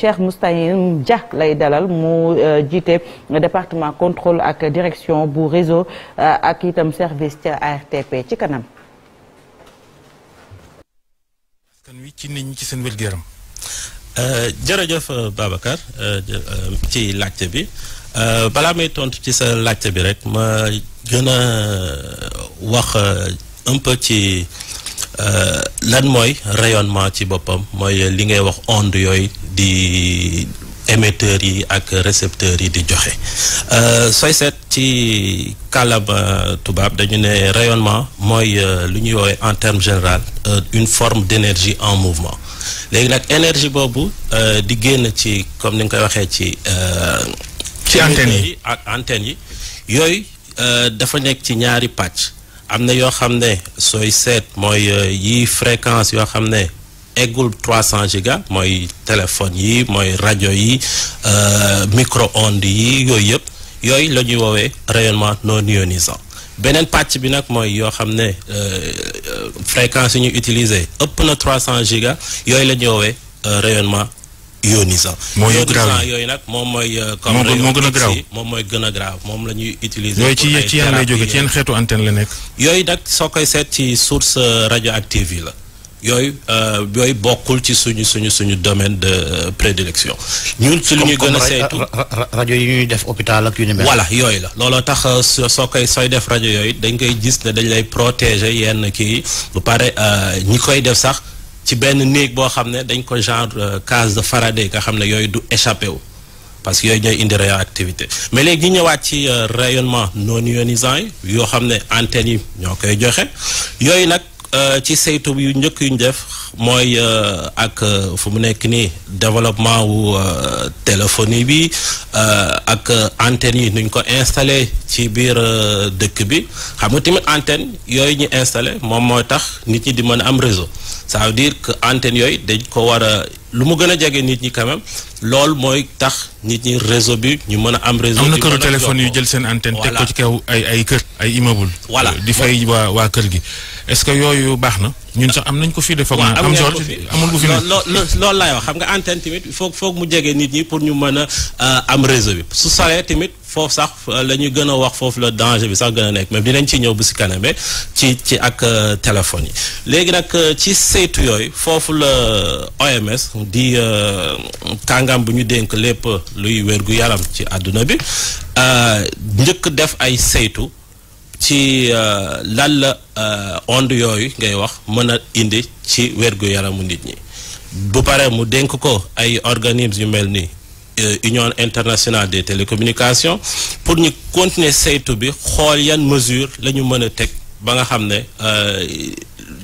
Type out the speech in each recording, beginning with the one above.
Cheikh Moustahine Dia lay dalal mu euh, jiite département contrôle ak direction bu réseau euh, ak itam service ca ARTP ci kanam. askan wi ci nit ci seen wér gu euh, jërëjëf Babacar ci laajte bi balaa may tontu ci sa laajte bi rek ma gën wax un ci. Euh, lan mooy rayonnement ci boppam mooy li ngay wax onde yooyu di émetteurs yi ak récepteurs yi di joxe euh, sooy seet ci kàllaama tubaab dañu ne rayonnement mooy euh, lu ñuy woowee en terme général une forme d'énergie en mouvement léegi nag énergie boobu di génn ci comme ni nga koy waxee ci ci antenne yi ak antenne yi yooyu dafa nekk ci ñaari pàcc am na yoo xam ne sooy seet mooy euh, yi fréquence yoo xam ne eggul trois cent giga mooy téléphone yi mooy rajo yi euh, micro-ondes yi yooyu yëpp yooyu la ñuy woowee rayonnement non ionisant beneen pàcc bi nag mooy yoo xam ne euh, fréquence yi ñu utiliser ëpp na trois cent giga yooyu la ñuy woowee rayonnement ionisant. mooy ionisant yooyu nag moom mooy. Euh, comme la moo gën a moom mooy gën a graaw moom lañuy ñuy utiliser. yooyu ci ci yan lay jóge ci yan xeetu antenne la nekk. yooyu nag soo koy seet ci source euh, radioactive yi la. yooyu euh, yooyu bokkul ci suñu suñu suñu domaine de prédilection. ñun ci li ñuy gën a saytu rajo yi ñuy def hôpital ak yu ni mel. yooyu la looloo tax soo koy sooy def rajo yooyu dañ koy gis ne dañ lay protéger yenn kii bu pare ñi koy def sax. ci benn néeg boo xam ne dañ ko genre euh, case de Faraday nga xam ne yooyu du échappé wu parce que yooyu ñooy indi activité mais léegi ñu ñëwaat ci euh, rayonnement non ionisant yoo xam ne antennes yi ñoo koy joxe yooyu nag Euh, ci saytu yu njëkk yu ñu def mooy euh, ak euh, fu mu nekk nii développement wu téléphonie bi ak antenne yi nuñ ko installé ci biir dëkk bi xam nga tamit antenne yooyu ñu installé moom moo tax nit ñi di mën a am réseau ça veut dire que antenne yooyu dañ ko war a lu mu gën a jege nit ñi quand même loolu mooy tax nit ñi réseau bi ñu mën a am. réseau am na këru téléphone yu jël seen antenne. teg ko ci kaw ay ay kër ay immeuble. voilà di fay waa waa kër gi. est-ce que yooyu baax na ñun sax am nañ ko fii de foog. am solo amul ko loolu laay wax xam nga antenne tamit foog foog mu jege nit ñi pour ñu mën a euh, am réseau bi su soree tamit foofu sax euh, la ñu gën a wax foofu la danger bi sax gën a nekk même dinañ ci ñëw bu si kaname eh, ci ci ak euh, téléphone yi. léegi nag ci saytu yooyu foofu la OMS di kàngam bu ñu dénk lépp luy wér gu yaram ci àdduna bi njëkk def ay saytu. ci euh, lan la euh, onde yooyu ngay wax mën a indi ci wér-gu-yaramu nit ñi bu pare mu dénk ko ay organismes yu mel ni euh, Union internationale des télécommunications pour ñu continuer saytu bi xool yan mesure la ñu mën a teg ba nga xam ne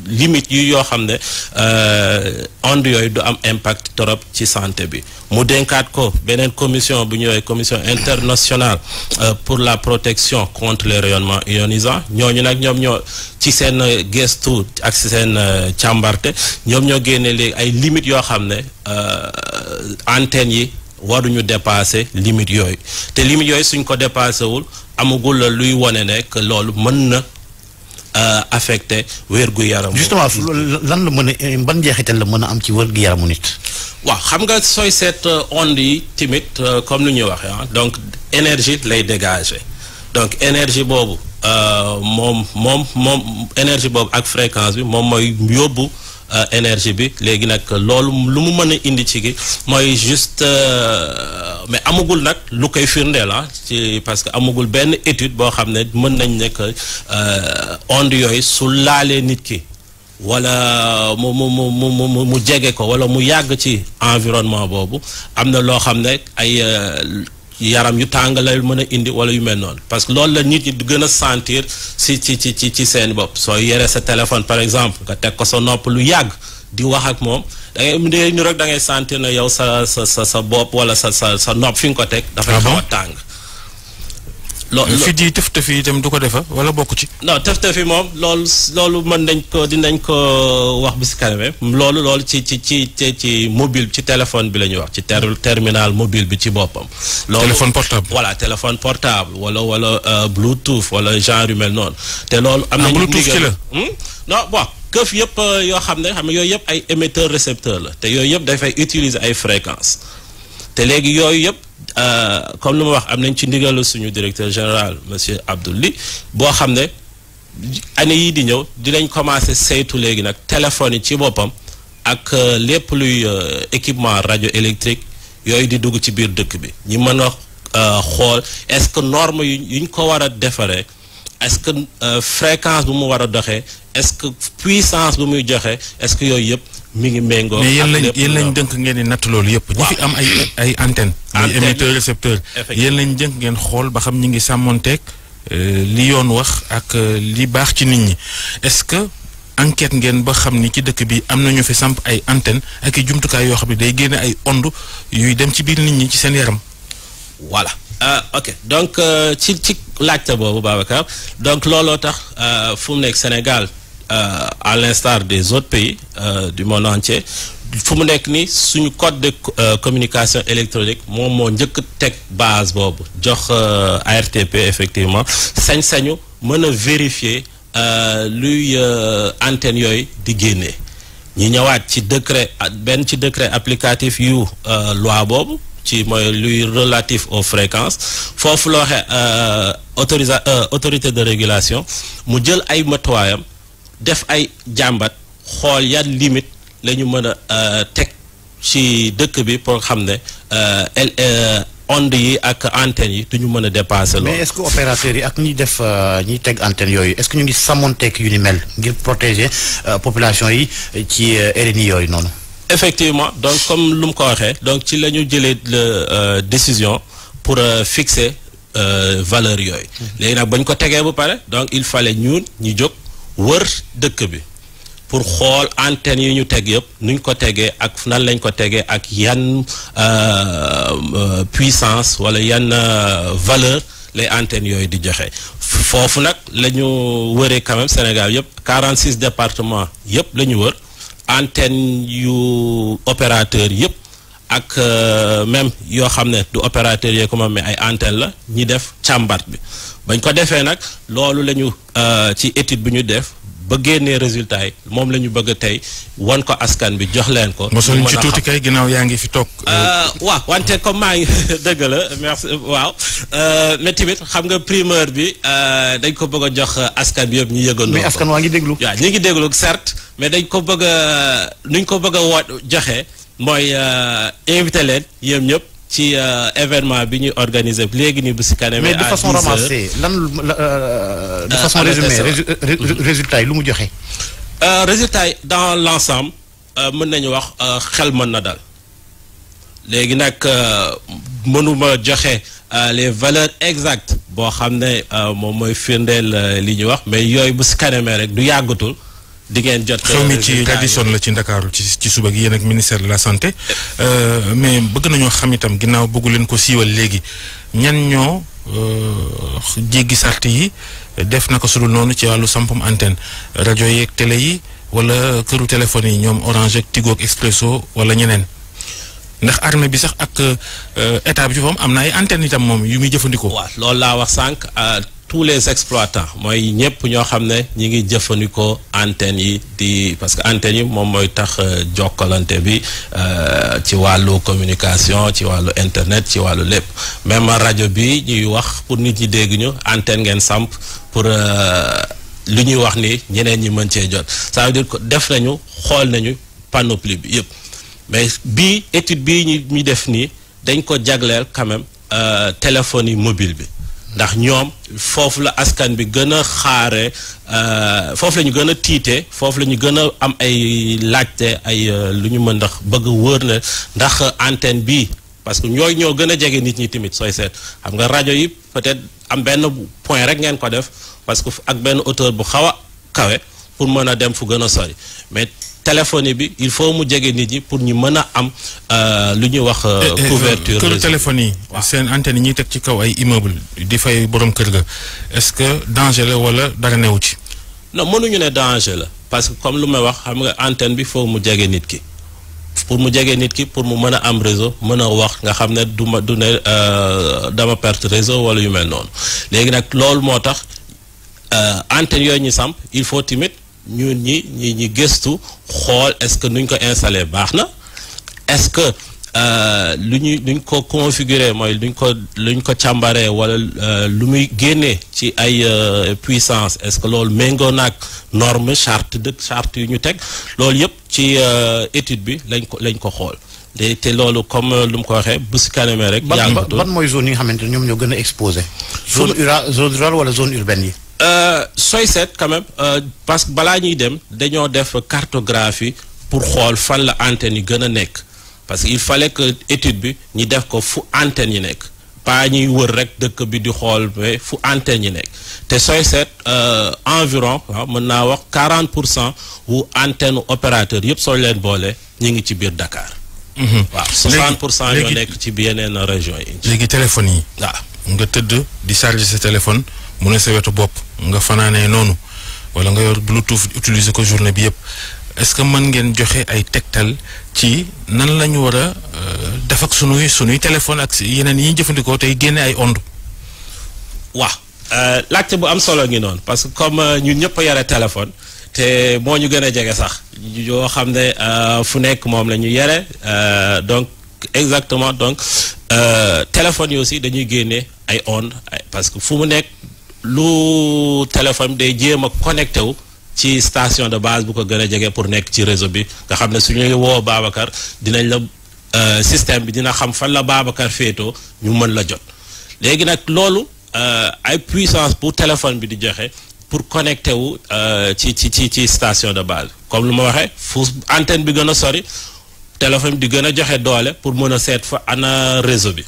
limite yi yoo xam ne euh, onde yooyu du am impact trop ci santé bi mu denkaat ko beneen commission bu ñëwee commission internationale euh, pour la protection contre les rayonnements ionisants ñooñu nag ñoom ñoo ci seen gestu ak ci seen euh, càmbarte ñoom ñoo génne léegi ay limites yoo xam ne antennes yi waruñu dépasser limites yooyu te limites yooyu suñ ko dépassé wul amagul luy wone ne loolu mën na Euh, affecté wérgu yaram. justement lan la mën a ban njeexital la mën a am ci wérgu yaramu nit. waaw xam nga sooy seet euh, ondes yi timit euh, comme lu ñuy waxee ah donc énergie lay dégager donc énergie boobu moom moom moom énergie boobu ak fréquence bi moom mooy yóbbu. Euh, énergie bi léegi nag loolu lu mu mën a indi ci gi mooy juste euh, mais amagul nag lu koy firndeel ah ci parce que amagul benn étude boo xam ne mën nañ nekk euh, onde yooyu su laalee nit ki wala mu mu mu mu mu jege ko wala mu yàgg ci environnement boobu am na loo xam ne ay yaram yu tàng lay mën a indi wala yu mel noonu parce que loolu la nit yi du gën a sentir si ci ci ci ci seen bopp soo yore sa téléphone par exemple nga teg ko sa nopp lu yàgg di wax ak moom da ngay ñu rek da ngay sentir ne yow sa sa sa sa bopp wala sa sa sa nopp fi nga ko teg. Ah dafay xaw a tàng. loolu fi di tëf yi itam du ko defa wala bokku ci. non tëf tëf yi moom loolu loolu mën nañ ko dinañ ko wax bi si loolu loolu ci ci ci ci mobile ci téléphone bi la ñuy wax ci ter terminal mobile bi ci boppam. loolu téléphone portable. voilà téléphone portable wala wala euh, bluetooth wala genre yu mel noonu. te loolu am nañu. Ah, bluetooth ci la hmm? non bon. këf yëpp euh, yoo xam ne xam ne yooyu yëpp ay émetteur récepteur la te yooyu yëpp dafay utiliser ay fréquence te léegi yooyu yëpp Euh, comme lu ma wax am nañ ci ndigalu suñu directeur général monsieur Abdouli boo xam ne année yii di ñëw dinañ commencé saytu léegi nag téléphone yi ci boppam ak euh, lépp luy euh, équipement radio électrique yooyu di dugg ci biir dëkk bi ñi mën a xool est-ce que norme yu ñu ko war a defaree est-ce que euh, fréquence bu mu war a doxee est-ce que puissance bu muy joxe est-ce que yooyu yëpp mi ngi méngoo. mais yéen lañ lañ dënk ngeen di natt loolu yëpp. ñi fi am ay ay antennes. antenne émetteur récepteur. yéen lañ dënk ngeen xool ba xam ñi ngi sàmmonteeg euh, li yoon wax ak euh, li baax ci nit ñi est-ce que. enquête ngeen ba xam ni ci dëkk bi am nañu fi samp ay antenne ak i jumtukaay yoo xam ne day génne ay ondes yuy dem ci biir nit ñi ci seen yaram voilà. ah ok donc euh, ci ci laajte boobu Babacar donc looloo tax euh, fu mu nekk Sénégal euh, à l'instar des autres pays du monde entier fu mu nekk ni suñu code de communication électronique moom moo njëkk teg base boobu jox ARTP effectivement sañ-sañu mën a vérifier luy antenne yooyu di génnee ñu ñëwaat ci décret benn ci décret applicatif yu loi boobu ci mooy luy relatif aux fréquences foofu la waxee euh, autorisa euh, autorité de régulation mu jël ay matuwaayam def ay jàmbat xool yan limite la ñu mën a euh, teg ci dëkk bi pour xam ne onde yi ak antenne yi du ñu mën a dépasser loolu. mais est-ce que opérateurs yi ak ñi def ñiy teg antenne yooyu est-ce que ñu ngi sàmmoonteeg yu ni mel ngir protéger population yi ci RNI yooyu noonu. effectivement donc comme lu mu ko waxee donc ci la ñu jëlee euh, décision pour euh, fixer euh, valeur yooyu. Mhm. léegi nag bañ ko tegee bu pare donc il fallait ñun ñu jóg wër dëkk bi pour xool antenne yi ñu teg yëpp nuñ ko tegee ak nan lañ ko tegee ak yan puissance wala yan valeur les antennes yooyu di joxe foofu nag la ñu wëree quand même Sénégal yëpp 46 départements yëpp la ñu wër. antenne yu opérateur yëpp ak euh, même yoo xam ne du opérateur yee ko mais ay antenne la ñi def càmbar bi bañ ko defee nag loolu lañu ñu euh, ci étude bi ñu def ba génnee résultat yi moom la ñu bëgg tey wan ko askan bi jox leen ko. mosoon ñu ci tuuti kay ginnaaw yaa ngi fi toog. Euh, waaw wante comme maa ngi dëgg la merci waaw euh, mais tamit xam nga primeur bi euh, dañ ko bëgg a jox askan bi yëpp ñu yëgandoo. mais askan waa ngi déglu. waaw ñu ngi déglu certes mais dañ ko bëgg a nuñ ko bëgg a woo joxe mooy invité leen yéen ñëpp. ci euh, événement bi ñuy organiser léegi nii bu si kanamee. mais de façon ramassée lan euh, euh, de façon résumée mm-hmm. lu mu joxe. résultat yi dans l' ensemble mën nañu wax xel mën na dal léegi nag mënuma joxe les valeurs exactes boo xam ne moom mooy firndeel li ñuy wax mais yooyu bu si kanamee rek du yàggatul. di ngeen jot xew mi ci Radisson la ci Ndakaaru ci ci suba gi yéen ak ministère de la santé euh, mais bëgg nañoo xam itam ginnaaw bëggu leen ko siiwal léegi ñan ñoo euh, jéggi sart yi def na ko sudul noonu ci wàllu sampum antenne rajo yeeg télé yi wala këru téléphone yi ñoom Orange ak Tigo ak Expresso wala ñeneen ndax armée bi sax ak euh, état bi ci am na ay antenne itam moom yu muy jëfandikoo. tous les exploitants mooy ñëpp ñoo xam ne ñi ngi jëfandikoo antennes yi di parce que antennes yi moom mooy tax euh, jokkalante bi euh, ci wàllu communication ci wàllu internet ci wàllu lépp même rajo bi ñuy wax pour nit ñi dégg ñu antenne ngeen samp pour euh, li ñuy wax ni ñeneen ñi mën cee jot ça veut dire que def nañu xool nañu panoplie bi yëpp mais bi étude bi ñu def nii dañ ko jagleel quand même téléphonie mobile bi ndax ñoom foofu la askan bi gën a xaare euh, foofu la ñu gën a tiite foofu la ñu gën a am ay laajte ay euh, lu ñu mën ndax bëgg wóor na ndax antenne bi parce que ñooy ñoo gën a jege nit ñi tamit sooy seet xam nga rajo yi peut-être am benn point rek ngeen ko def parce que ak benn hauteur bu xaw a kawe pour mën a dem fu gën a sori mais téléphonie bi il faut mu jege nit ñi pour ñu mën a am euh, lu ñuy wax. Euh, eh, eh, eh, couverture réseau këru téléphone yi. seen antenne yi ñuy teg ci kaw ay immeuble di fay borom kër ga est-ce que danger la wala dara newu ci. non mënuñu ne danger la parce que comme lu ma wax xam nga antenne bi foo mu jege nit ki. pour mu jege nit ki pour mu mën a am réseau mën a wax nga xam ne du ma du ne euh, dama perte réseau wala yu mel noonu léegi nag loolu moo tax antenne yooyu ñu samp il faut timit ñun ñi ñi ñi gëstu xool est-ce que nuñ ko installé baax na est-ce que euh, lu ñu luñ ko configurer mooy luñ ko luñ ko càmbaree wala euh, lu muy génnee ci ay euh, puissance est-ce que loolu méngoo naag norme charte de charte yu ñu teg loolu yëpp ci étude bi lañ ko lañ ko xool léegi te loolu comme euh, lu mu ko waxee bu si kanamee rek. yàggatu ban mooy zone yi nga xamante ne ñoom ñoo gën a exposé. zone rurale zone rurale wala zone urbaine yi. Euh, sooy seet quand même euh, parce que balaa ñuy dem dañoo def cartographie pour xool fan la antenne yi gën a nekk parce que il fallait que étude bi ñu def ko fu antenne yi nekk pas ñuy wër rek dëkk bi di xool mais fu antenne yi nekk te sooy seet environ waaw mën naa wax 40 pour cent wu antenne opérateur yëpp soo leen boole ñu ngi ci biir Dakar. Mhm. waaw 60 pour cent yoo nekk ci yeneen région léegi téléphone yi. waaw nga tëdd di charger sa téléphone mu ne sa wetu bopp nga fanaanee noonu wala nga yor bluetooth utiliser ko journée bi yëpp est-ce que mën ngeen joxe ay tegtal ci nan la ñu war a euh, def ak sunuy sunuy téléphone ak yeneen yi ñuy jëfandikoo tey génne ay ondes. waaw euh, laajte bu am solo ngi noonu parce que comme euh, ñu ñëpp a téléphone. te moo ñu gën a jege sax yoo xam ne euh, fu nekk moom la ñu yere euh, donc exactement donc euh, téléphone yi aussi dañuy génne ay ondes parce que fu mu nekk lu téléphone day jéem a connecté wu ci station de base bu ko gën a jege pour nekk ci réseau bi nga xam ne su ñuy woo Babacar dinañ la système bi dina xam fan la Babacar féetoo ñu mën la jot léegi nag loolu ay puissance bu téléphone bi di joxe pour connecter wu euh, ci ci ci ci station de base comme lu ma waxee fu antenne bi gën a sori téléphone di gën a joxe doole pour mën a seet fa ana réseau bi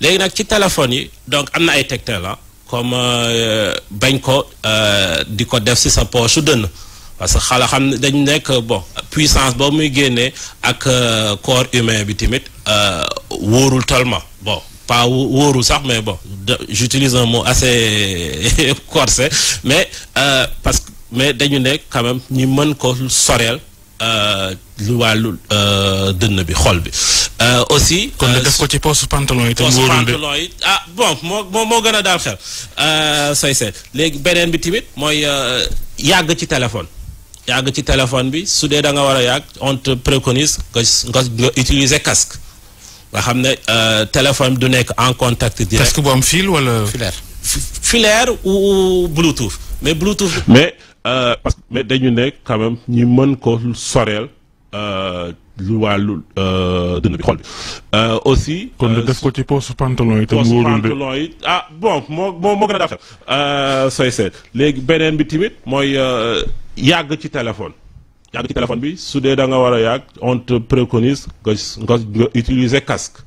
léegi nag ci téléphone yi donc am na ay tegtal la comme euh, bañ ko euh, di ko def si sa poche su dënn parce que xala xam ne dañ nekk bon puissance boobu muy génnee ak corps humain bi tamit wóorul tellement bo pas wóoru sax mais bon j'utilise un mot assez corsé mais euh, parce que mais dañu ne quand même ñu mën ko soreel euh, lu wàllu euh, dënn bi xool bi euh, aussi. kon def ko ci poche pantalon yi. poche pantalon yi ah bon moo gën a daal xel sooy seet léegi beneen bi tamit mooy yàgg ci téléphone. yàgg ci téléphone bi su dee da nga war a yàgg on te préconise nga nga utiliser casque. nga xam ne euh, téléphone du nekk en contact direct. parce que bu am fil wala. filaire filaire ou bluetooth. mais bluetooth. mais euh, parce que mais dañu ne quand même ñi mën ko soreel euh, lu wàllu dund bi xol bi. aussi. kon def ko ci poche pantalon yi te mu wóorul ah bon moo moo moo gën a def. sooy seet léegi beneen bi tamit mooy yàgg ci téléphone. yàgg téléphone bi su dee da nga war a yàgg on te préconise nga nga utiliser casque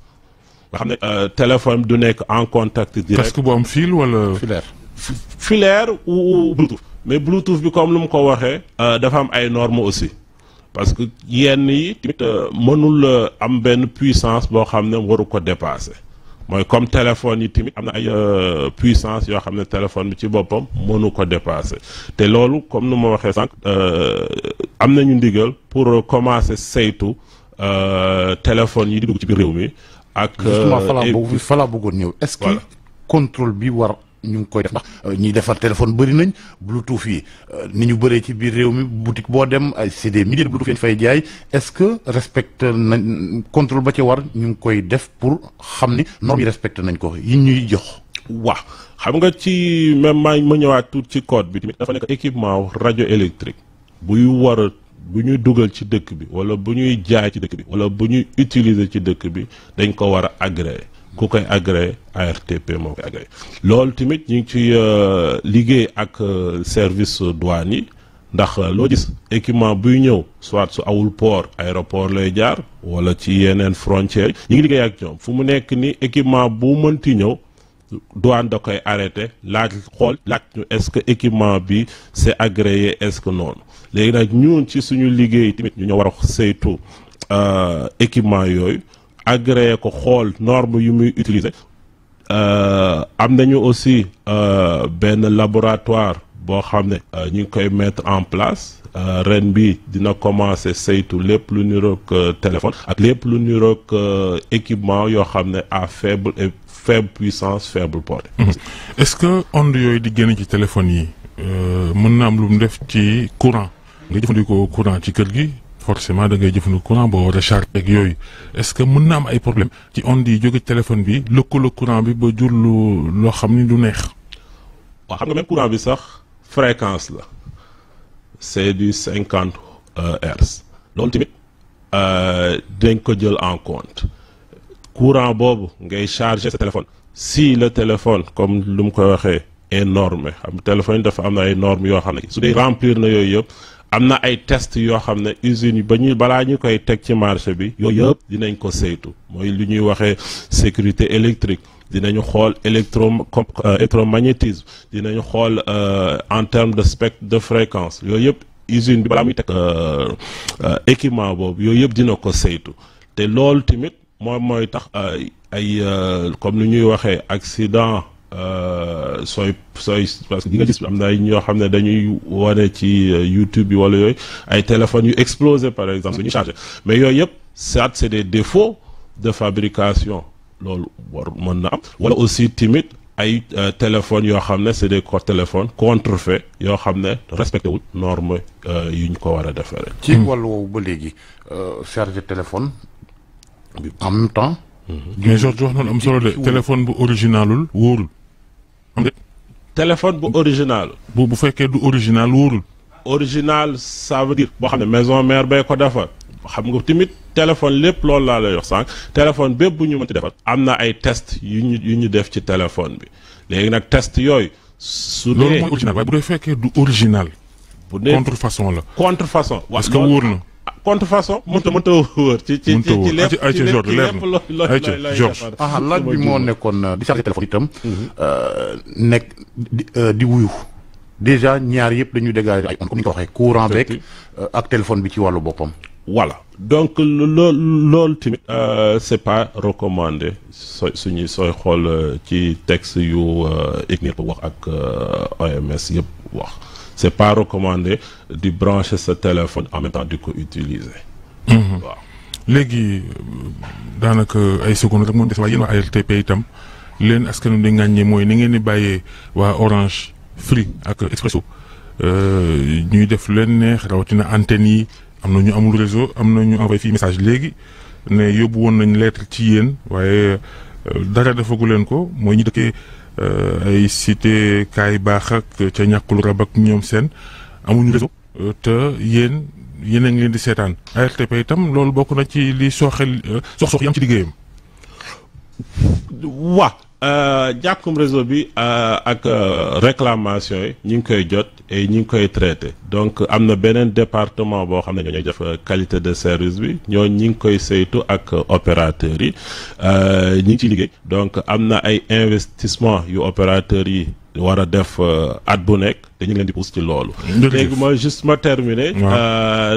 nga xam ne euh, téléphone bi du nekk en contact direct casque bu am fil wala filaire filaire ou bluetooth mais bluetooth bi comme lu mu ko waxee euh, dafa am ay normes aussi parce que yenn yi euh, mënul am benn puissance boo xam ne waru ko dépasser mooy comme téléphone yi tamit am na ay euh, puissance yoo xam ne téléphone bi ci boppam mënu ko dépasser te loolu comme nu ma waxee sànq euh, am nañu ndigal pour commencer saytu euh, téléphone yi di dugg ci biir réew mi. ak fala falaa bëgg falaa bëggoon ñëw. est-ce que contrôle bi war. ñu ngi koy def ndax euh, ñiy defar téléphone bari nañ bluetooth yi euh, ni ñu bëree ci biir réew mi boutique boo dem ay c'est des milliers de bluetooth yi fay jaay est-ce que respecte nañ contrôle ba ci war ñu ngi koy def pour xam ni normes yi respecte nañ ko yi ñuy jox. waaw xam nga ci même maa ma ñëwaat tuut ci code bi tamit dafa nekk équipement rajo électrique buy war a bu ñuy dugal ci dëkk bi wala bu ñuy jaay ci dëkk bi wala bu ñuy utiliser ci dëkk bi dañ ko war a agréé. ku koy agréé ARTP moo koy agréé loolu tamit ñu ngi ci euh, liggéey ak euh, service douane yi ndax euh, loo gis équipement buy ñëw soit su awul port aéroport lay jaar wala ci yeneen frontières ñi ngi liggéey ak ñoom fu mu nekk ni équipement bu mënti ñëw douane da koy arrêté laaj xool laaj ñu est-ce que équipement bi c'est agréé est-ce que noonu léegi nag ñun ci suñu liggéey tamit ñu ñu war a saytu équipement yooyu agréé ko xool norme yu muy utiliser euh, am nañu aussi euh, benn laboratoire boo xam ne euh, ñu ngi koy mettre en place ren bi dina commencer saytu lépp lu niroog téléphone ak lépp lu niroog équipement yoo xam ne à faible et faible puissance faible portée. Mhm. est-ce que ondes yooyu di génn ci téléphone yi mën na am lu mu def ci courant nga jëfandikoo courant ci kër gi. forcément da ngay jëfandiku courant boo war a chargé ak yooyu est-ce que mën na am ay problème ci ondes yi jóge téléphone bi lëkkaloo courant bi ba jur lu loo xam ni du neex. waaw xam nga même courant bi sax fréquence la c'est du cinquante euh, hertz. loolu tamit euh, dañ ko jël en compte courant boobu ngay chargé sa téléphone. si le téléphone comme lu mu ko waxee est normé xam téléphone dafa am na ay normes yoo xam ne su dee remplir na yooyu yëpp. am na ay test yoo xam ne usines yi ba ñu balaa ñu koy teg ci marché bi yooyu yëpp dinañ ko saytu mooy lu ñuy waxee sécurité électrique dinañu xool électro euh, électromagnétisme dinañu xool euh, en terme de spectre de fréquence yooyu yëpp usine bi balaa muy teg euh, équipement boobu yooyu yëpp dina ko saytu te loolu tamit moom mooy tax ay comme ni ñuy waxee accident Euh, sooy sooy parce que di nga gis am ay ñoo xam ne dañuy wane ci euh, YouTube bi wala yooyu ay téléphones yu explosé par exemple ñu chargé mais yooyu yëpp soit c'est des défauts de fabrication loolu mën na am wala aussi timide ay euh, téléphones yoo xam ne c'est des téléphones contrefaits yoo xam ne respecté wul norme yu ñu ko war a defaree. ci wàllu ba léegi chargé téléphone en même temps. Mhm. mais George wax noonu am solo de téléphone bu originalul wóorul. téléphone bu original. bu bu fekkee du original wóorul. original ça veut dire boo xam ne maison maire bay ko defar xam nga tamit téléphone lépp loolu laa lay wax sànq téléphone bépp bu ñu ci defar am na ay test yu ñu yu ñu def ci téléphone bi léegi nag test yooyu. su dee loolu mooy original waaye bu dee fekkee du original. bu dee contrefaçon la. contrefaçon waaw est-ce que wóor na. contrefaçon mënta mënta wóor. ci ci ci ci lépp ci laaj bi moo nekkoon euh, di chargé téléphone mhm. euh, nekk euh, di wuyu. déjà ñaar yëpp dañuy dégager ay comme ni ak téléphone bi ci wàllu boppam. voilà donc lool loolu tamit c'est pas recommandé so suñuy sooy xool ci texte yu ICNIR wax ak OMS yëpp wax. c'est pas recommandé di brancher sa téléphone en même temps di ko utiliser mhm. waaw léegi daanaka ay secondes rek moom des waaye yéen waa itam leen askanu di ŋàññee mooy ni ngeen di bàyyee waa Orange Free ak Expresso euh, ñuy def leen neex rawatina antenne yi am na ñu amul réseau am na ñu envoyé fii message léegi ne yóbbu woon nañ lettre ci yéen waaye euh, dara defagu leen ko mooy ñu dëkkee Euh, ay cité kaay baax ak ca ñàkkul rab ak ñoom seen amuñu réseau euh, te yéen yéen a ngi leen di seetaan ARTP itam loolu bokk na ci li sooxel euh, sox sox yi am ci liggéeyam. waa jàkkum réseau bi ak réclamation yi ñu ngi koy jot et ñi ngi koy traité donc am na beneen département boo xam ne ñoo ñooy def euh, qualité de service bi ñoo ñi ngi koy saytu ak euh, opérateurs yi euh, ñi ngi ci liggéey donc am na ay investissement yu opérateurs yi war a def at bu nekk dañu leen di pousse ci loolu léegi mooy juste ma terminer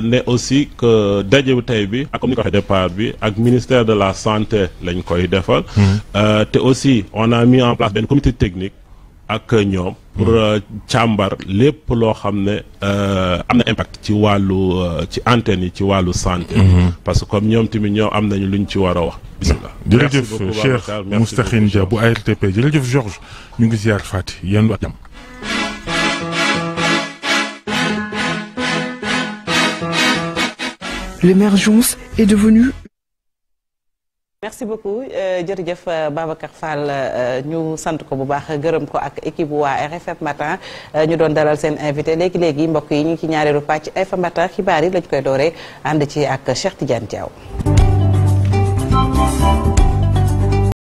ne aussi que daje tey bi ak comme ni bi ak ministère de la santé lañ koy defal te aussi on a mis en place benn comité technique ak ñoom. pour hmm. euh, càmbar lépp loo xam ne euh, am na impact ci wàllu euh, ci antenne yi ci wàllu santé. Hmm. parce que comme ñoom tamit ñoo am nañu luñ ci war a wax. bisimilah jërëjëf Cheikh Moustachine Dia bu ARTP jërëjëf Georges ñu ngi ziar Fatick yéen ak jàmm. L'émergence est devenue merci beaucoup euh, jërëjëf euh, Babacar Fall euh, ñu sant ko bu baax gërëm ko ak équipe waa RFM matin ñu doon dalal seen invité léegi léegi mbokk yi ñu ngi ci ñaareelu pàcc RFM matin xibaar yi lañ koy dooree ànd ci ak Cheikh Tidiane Diaw.